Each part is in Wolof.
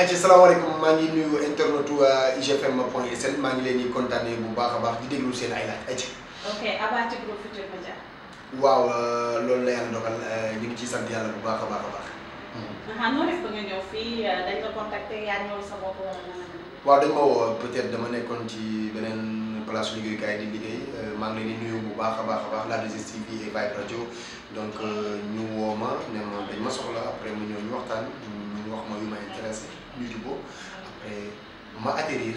ayca salaamaaleykum maa ngi nuyu internetu IGFM yi sn maa ngi leen di kontaanee bu baax a baax di déglu seen ay laaj ayca. ok Abba ci groupe Futurs Médias. waaw euh, loolu la yàlla dogal euh, ñu ngi ciy sant yàlla bu baax a baax a baax. ah noo def nga ñëw fii euh, dañ la contacter yaa ñëw sa bopp wala. waaw dañ ma woo dama nekkoon ci beneen. la suñu liguey kay di liguey euh, mag leen di nuyu bu baax a baax a baax la de gestion bi ay bàyyi rajo donc euh, ñu woo ma ne ma dañ ma soxla après ma ñëw ñu waxtaan ñu wax ma yu may intéressé ñu jubóo après ma atterrir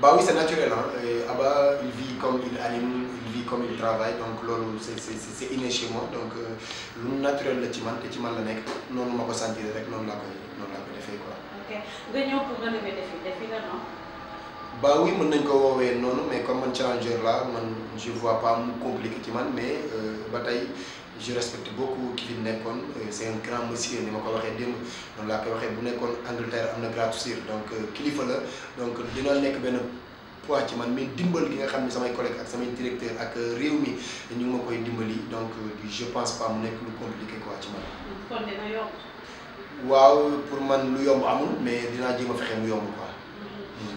Bah oui, c'est naturel. Hein. Et euh, Abba, il vit comme il anime, il vit comme il travaille. Donc, c'est inné chez moi. Donc, euh, le naturel de Timan, le Timan le nek, non, on m'a pas senti direct, non, on l'a fait. Quoi. Ok. Gagnons pour relever des défis, défis là, non bah oui, mon ne non, mais comme un challenger là, je vois pas compliqué, mais euh, bataille, je respecte beaucoup Kevin Nekon. Euh, c'est un grand monsieur, ni mako sais dem donc la Angleterre a un grand sir. Donc, euh, Kilifa là, donc, dina ne ben poids ci man mais dimbal gi nga xamni ne samay collègues ak samay directeur ak euh, rew mi ñu ngi ma koy dimbali donc je pense pas mu nekk lu compliqué quoi ci man. kon dina yomb. waaw pour man lu yomb amul mais dina jéem a fexe mu yomb quoi.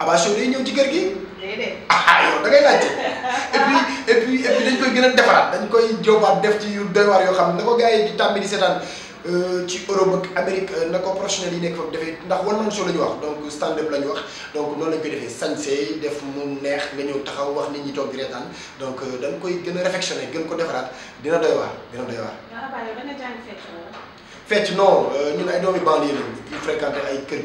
Abba Show day ñëw ci kër gi. déedéet ah, ah da ngay laajte et puis et puis et dañ koy gën a defaraat dañ koy jóobaat def ci yu doy waar yoo xam ne na ko gars yi di tàmbi di seetaan euh, ci Europe ak Amérique euh, na ko professionnel yi nekk foofu defee ndax One Man Show la ñu wax donc stand up la ñu wax donc noonu lañ koy defee sañsee def mu neex nga ñëw taxaw wax nit ñi toog di reetaan donc euh, dañ koy gën a réfectionné gën ko defaraat dina doy waar dina doy waar. waaw Abba yow fecc non ñun ay doomi banlieue lañu fréquenté ay kër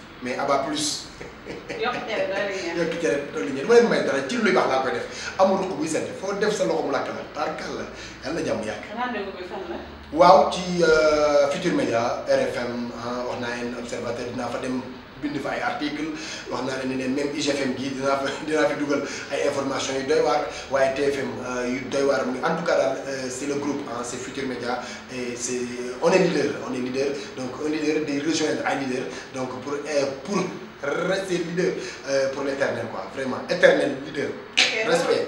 mais aba plus. yokk cere doole ngeen yokk du ma leen may dara ci luy baax laa koy def amul ruq buy set foo def sa loxo mu làkk la tarkal la yàlla na jàmm yàgg. rendez-vous bi fan la. waaw ci euh, Futurs Médias RFM ah, wax naa yéen observateur dinaa fa dem. bind fa ay article wax naa leen ne même IGFM gi dinaa fa dinaa fi dugal ay information yu doy TFM euh, yu doy waar mu en tout cas daal euh, le groupe ah hein, c' Futur Media et on est leader on est leader donc est leader des rejoindre un leader donc pour euh, pour rester leader pour l'éternel quoi vraiment éternel leader respect